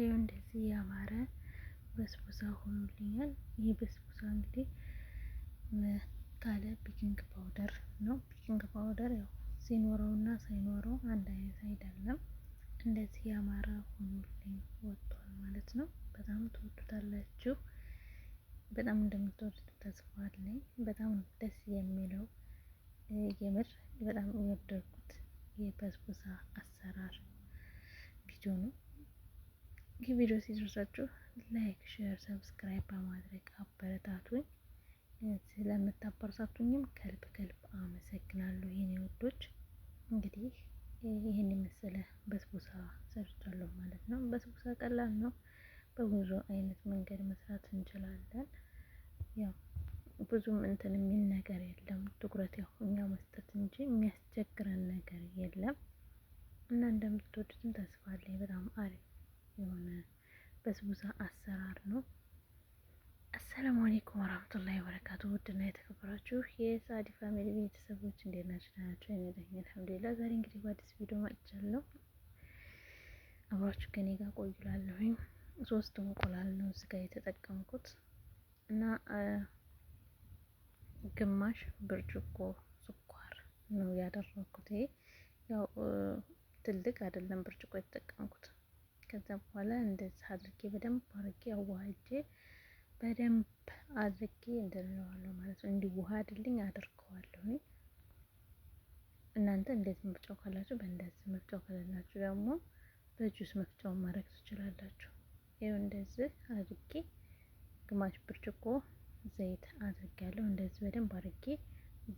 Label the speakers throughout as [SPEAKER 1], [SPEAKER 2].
[SPEAKER 1] ይኸው እንደዚህ ያማረ በስቡሳ ሆኖልኛል። ይህ በስቡሳ እንግዲህ ካለ ቢኪንግ ፓውደር ነው። ቤኪንግ ፓውደር ያው ሲኖረው እና ሳይኖረው አንድ አይነት አይደለም። እንደዚህ ያማረ ሆኖልኝ ወጥቷል ማለት ነው። በጣም ትወዱታላችሁ። በጣም እንደምትወዱት ተስፋ አለኝ። በጣም ደስ የሚለው የምር በጣም የወደድኩት የበስቡሳ አሰራር ቪዲዮ ነው። ይህ ቪዲዮ ሲደርሳችሁ ላይክ፣ ሼር፣ ሰብስክራይብ በማድረግ አበረታቱኝ። ስለምታበረታቱኝም ከልብ ከልብ አመሰግናለሁ የኔ ውዶች። እንግዲህ ይህን የመሰለ በስቡሳ ሰርቻለሁ ማለት ነው። በስቡሳ ቀላል ነው። በብዙ አይነት መንገድ መስራት እንችላለን። ያው ብዙም እንትን የሚል ነገር የለም። ትኩረት ያው እኛ መስጠት እንጂ የሚያስቸግረን ነገር የለም እና እንደምትወዱትን ተስፋ አለኝ። በጣም አሪፍ የሆነ በስቡሳ አሰራር ነው። አሰላሙ አሌይኩም ወራህመቱላሂ ወበረካቱ ውድና የተከበራችሁ የሳዲ ፋሚሊ ቤተሰቦች እንዴት ናችሁ? ናቸው የሚያደኝ አልሐምዱሊላህ። ዛሬ እንግዲህ በአዲስ ቪዲዮ መጥቻለሁ። አብራችሁ ከኔ ጋር ቆዩ እላለሁኝ። ሶስት እንቁላል ነው እዚህ ጋር የተጠቀምኩት እና ግማሽ ብርጭቆ ስኳር ነው ያደረኩት። ይሄ ያው ትልቅ አይደለም ብርጭቆ የተጠቀምኩት ከዛ በኋላ እንደዚህ አድርጌ በደንብ አድርጌ አዋህጄ በደንብ አድርጌ እንደለዋለሁ ማለት ነው። አድልኝ አድርገዋለሁ። እናንተ እንደዚህ መፍጫው ካላችሁ በእንደዚህ መፍጫው ካላላችሁ ደግሞ በጁስ መፍጫውን ማድረግ ትችላላችሁ። ይኸው እንደዚህ አድርጌ ግማሽ ብርጭቆ ዘይት አድርጌያለሁ። እንደዚህ በደንብ አድርጌ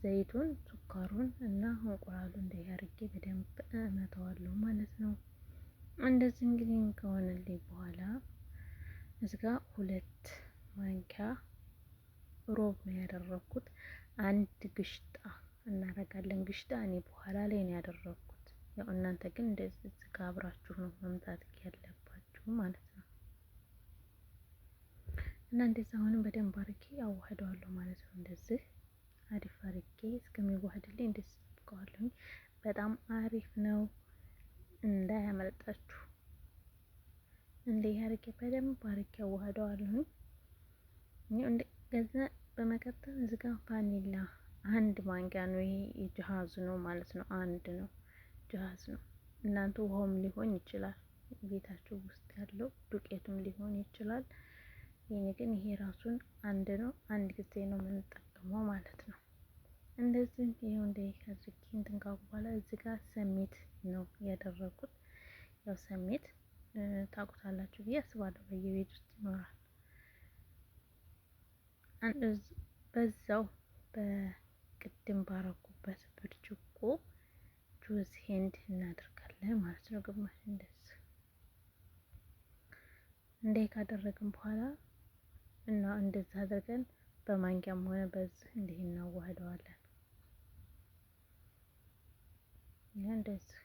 [SPEAKER 1] ዘይቱን፣ ስኳሩን እና እንቁላሉ እንደዚህ አድርጌ በደንብ እመተዋለሁ ማለት ነው። እንደዚህ እንግዲህ ከሆነልኝ በኋላ እዚጋ ሁለት ማንኪያ ሮብ ነው ያደረኩት። አንድ ግሽጣ እናረጋለን። ግሽጣ እኔ በኋላ ላይ ነው ያደረኩት። ያው እናንተ ግን እንደዚህ እዚጋ አብራችሁ ነው መምታት ያለባችሁ ማለት ነው። እና እንደዚህ አሁንም በደንብ አርጌ አዋህደዋለሁ ማለት ነው። እንደዚህ አሪፍ አርጌ እስከሚዋህድልኝ እንደዚህ ጠብቀዋለሁኝ። በጣም አሪፍ አድርጌ በደንብ አድርጌ አዋህደዋለሁኝ። ገዛ በመቀጠል እዚህ ጋር ቫኒላ አንድ ማንኪያ ነው። ይሄ የጅሃዙ ነው ማለት ነው። አንድ ነው ጅሃዝ ነው። እናንተ ውሃውም ሊሆን ይችላል፣ ቤታችሁ ውስጥ ያለው ዱቄቱም ሊሆን ይችላል። ይሄ ግን ይሄ ራሱን አንድ ነው። አንድ ጊዜ ነው የምንጠቀመው ማለት ነው። እንደዚህ ይሄው እንደ ከዚህ እንትን ካልኩ በኋላ እዚህ ጋር ሰሜት ነው ያደረኩት። ያው ሰሜት ታውቁታላችሁ ብዬ አስባለሁ። በየቤት ውስጥ ይኖራል። በዛው በቅድም ባረኩበት ብርጭቆ ጁስ ሄንድ እናደርጋለን ማለት ነው። ግማሽ እንደዚህ እንዴ ካደረግን በኋላ እና እንደዚህ አድርገን በማንኪያም ሆነ በዚህ እንዲህ እናዋህደዋለን። ይህ እንደዚህ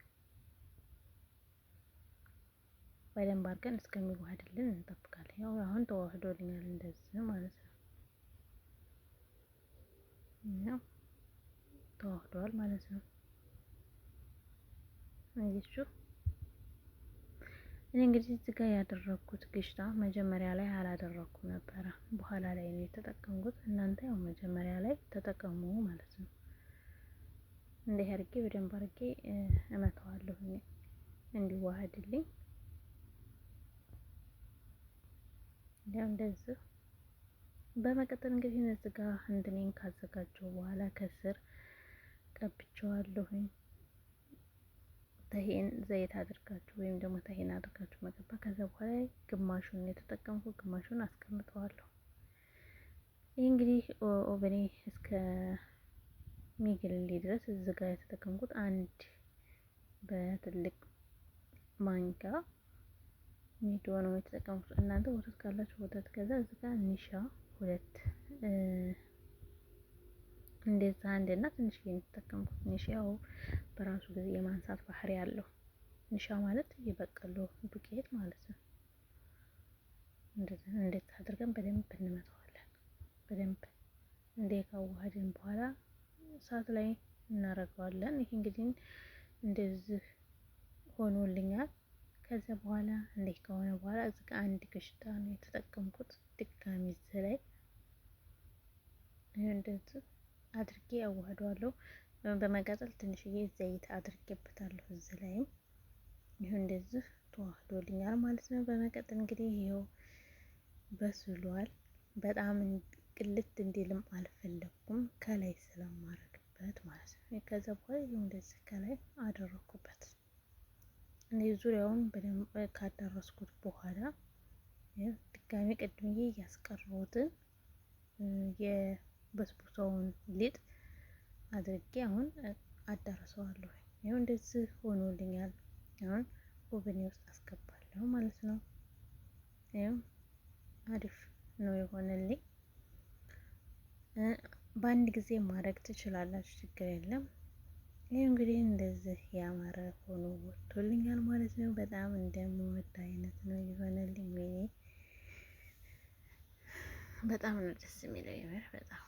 [SPEAKER 1] በደንብ አድርገን እስከሚዋሃድልን እንጠብቃለን። ያው አሁን ተዋህዶልኛል እንደዚህ ማለት ነው። ያው ተዋህደዋል ማለት ነው። አያችሁ እኔ እንግዲህ እዚህ ጋር ያደረኩት ግሽታ መጀመሪያ ላይ አላደረኩም ነበረ፣ በኋላ ላይ ነው የተጠቀምኩት። እናንተ ያው መጀመሪያ ላይ ተጠቀሙ ማለት ነው። እንዲህ አድርጌ በደንብ አድርጌ እመተዋለሁ እንዲዋሃድልኝ እንደዚህ በመቀጠል እንግዲህ እዚህ ጋር እንትኔን ካዘጋጀሁ በኋላ ከስር ቀብቸዋለሁኝ። ተሄን ዘይት አድርጋችሁ ወይም ደግሞ ተሄን አድርጋችሁ መቀባ። ከዛ በኋላ ግማሹን የተጠቀምኩ ግማሹን አስቀምጠዋለሁ። ይህ እንግዲህ ኦቨኔ እስከ ሚግልልኝ ድረስ እዚህ ጋር የተጠቀምኩት አንድ በትልቅ ማንኪያ ኒዶ ነው የተጠቀምኩት። እናንተ ወተት ካላችሁ ወተት። ከዛ እዚህ ጋር ኒሻ ሁለት እንደዛ አንድ እና ትንሽ የተጠቀምኩት ኒሻው በራሱ ጊዜ የማንሳት ባህሪ አለው። ኒሻ ማለት የበቀሎ ዱቄት ማለት ነው። እንዴት አድርገን በደንብ እንመታዋለን። በደንብ እንዴ ካዋሃድን በኋላ እሳት ላይ እናደርገዋለን። ይህ እንግዲህ እንደዚህ ሆኖልኛል። ከዚያ በኋላ እንዴት ከሆነ በኋላ እዚ ጋ አንድ ክሽታ ነው የተጠቀምኩት። ድጋሚ እዚ ላይ እንደዚህ አድርጌ አዋህደዋለሁ። በመቀጠል ትንሽዬ ዘይት አድርጌበታለሁ። እዚ ላይም ይሁን እንደዚህ ተዋህዶልኛል ማለት ነው። በመቀጠል እንግዲህ ይኸው በስሏል። በጣም ቅልት እንዲልም አልፈለግኩም ከላይ ስለማረግበት ማለት ነው። ከዚያ በኋላ ይሁን እንደዚህ ከላይ አደረኩበት። ዙሪያውን በደንብ ካደረስኩት በኋላ ድጋሜ ቀድሜ ያስቀረሁትን የበስቡሳውን ሊጥ አድርጌ አሁን አዳርሰዋለሁ። ይኸው እንደዚህ ሆኖልኛል። አሁን ኦቨኔ ውስጥ አስገባለሁ ማለት ነው። ይኸው አሪፍ ነው የሆነልኝ። በአንድ ጊዜ ማድረግ ትችላላችሁ፣ ችግር የለም። ይህ እንግዲህ እንደዚህ ያማረ ሆኖ ወጥቶልኛል ማለት ነው። በጣም እንደምወድ አይነት ነው የሆነልኝ። ወይኔ በጣም ነው ደስ የሚለው የምር በጣም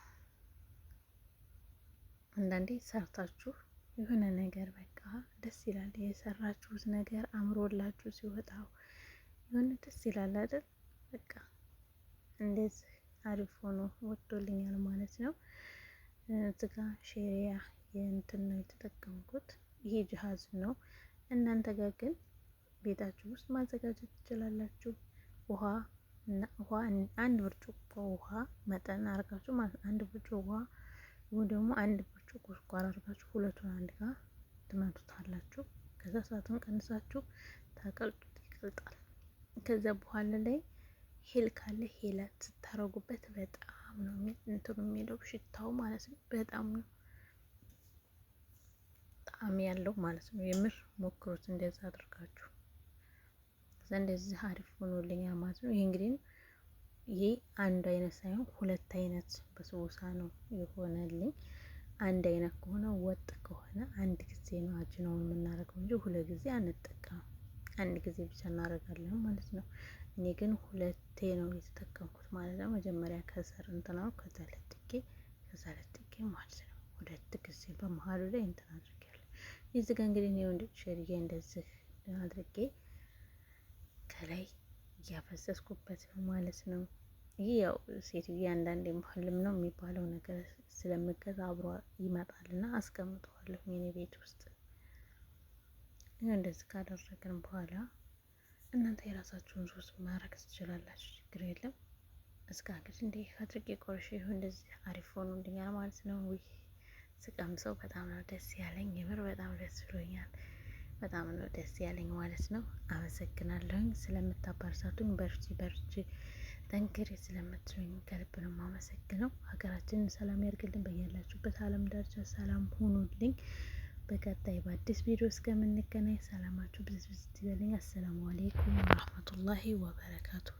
[SPEAKER 1] አንዳንዴ ሰርታችሁ የሆነ ነገር በቃ ደስ ይላል። የሰራችሁት ነገር አምሮላችሁ ሲወጣው የሆነ ደስ ይላል አይደል? በቃ እንደዚህ አሪፍ ሆኖ ወጥቶልኛል ማለት ነው። እዚጋ ሼሪያ የእንትን ነው የተጠቀምኩት። ይሄ ጅሀዝ ነው። እናንተ ጋር ግን ቤታችሁ ውስጥ ማዘጋጀት ትችላላችሁ። ውሃ ውሃ አንድ ብርጭቆ ውሃ መጠን አርጋችሁ አንድ ብርጭቆ ውሃ ወይ ደግሞ አንድ ብርጭቆ ስኳር አርጋችሁ ሁለቱን አንድ ጋር ትመቱታላችሁ። ከዛ ሰዓቱን ቀንሳችሁ ታቀልጡት፣ ይቀልጣል። ከዛ በኋላ ላይ ሄል ካለ ሄላት ስታረጉበት በጣም እንትኑ የሚለው ሽታው ማለት ነው። በጣም ነው ጣዕም ያለው ማለት ነው። የምር ሞክሩት እንደዛ አድርጋችሁ ከዛ እንደዚህ አሪፍ ሆኖልኛል ማለት ነው። ይሄ እንግዲህ ይሄ አንድ አይነት ሳይሆን ሁለት አይነት በስቡሳ ነው የሆነልኝ። አንድ አይነት ከሆነ ወጥ ከሆነ አንድ ጊዜ ነው አጅናውን የምናደርገው እንጂ ሁለት ጊዜ አንጠቀምም። አንድ ጊዜ ብቻ እናደርጋለን ማለት ነው። እኔ ግን ሁለቴ ነው የተጠቀምኩት ማለት ነው። መጀመሪያ ከስር እንትናው ከዛ ለጥቄ ከዛ ለጥቄ ማለት ነው። ሁለት ጊዜ በመሀሉ ላይ እንትን አድርጌያለሁ። እዚህ ጋር እንግዲህ እኔ ወንድ ሸርዬ እንደዚህ አድርጌ ከላይ እያፈሰስኩበት ነው ማለት ነው። ይህ ያው ሴትዬ አንዳንዴ ባህልም ነው የሚባለው ነገር ስለምገዛ አብሮ ይመጣል ይመጣልና አስቀምጠዋለሁ እኔ ቤት ውስጥ። እንደዚህ ካደረግን በኋላ እናንተ የራሳችሁን ሶስ ማድረግ ትችላላችሁ። ችግር የለም። እስከ እንግዲህ እንዲህ አድርጌ ቆርሼ ይሁን እንደዚህ አሪፍ ሆኖ እንድኛል ማለት ነው። ይህ ስቀምሰው በጣም ነው ደስ ያለኝ። የምር በጣም ደስ ብሎኛል። በጣም ነው ደስ ያለኝ ማለት ነው። አመሰግናለሁኝ ስለምታበረታቱኝ፣ በርቺ በርቺ ጠንክሪ ስለምትሉኝ ከልብ ነው የማመሰግነው። ሀገራችንን ሰላም ያድርግልን። በያላችሁበት አለም ዳርቻ ሰላም ሁኑልኝ። በቀጣይ በአዲስ ቪዲዮ እስከምንገናኝ ሰላማችሁ ብዝብዝ ይበልኝ። አሰላሙ አሌይኩም ወረህመቱላሂ ወበረካቱሁ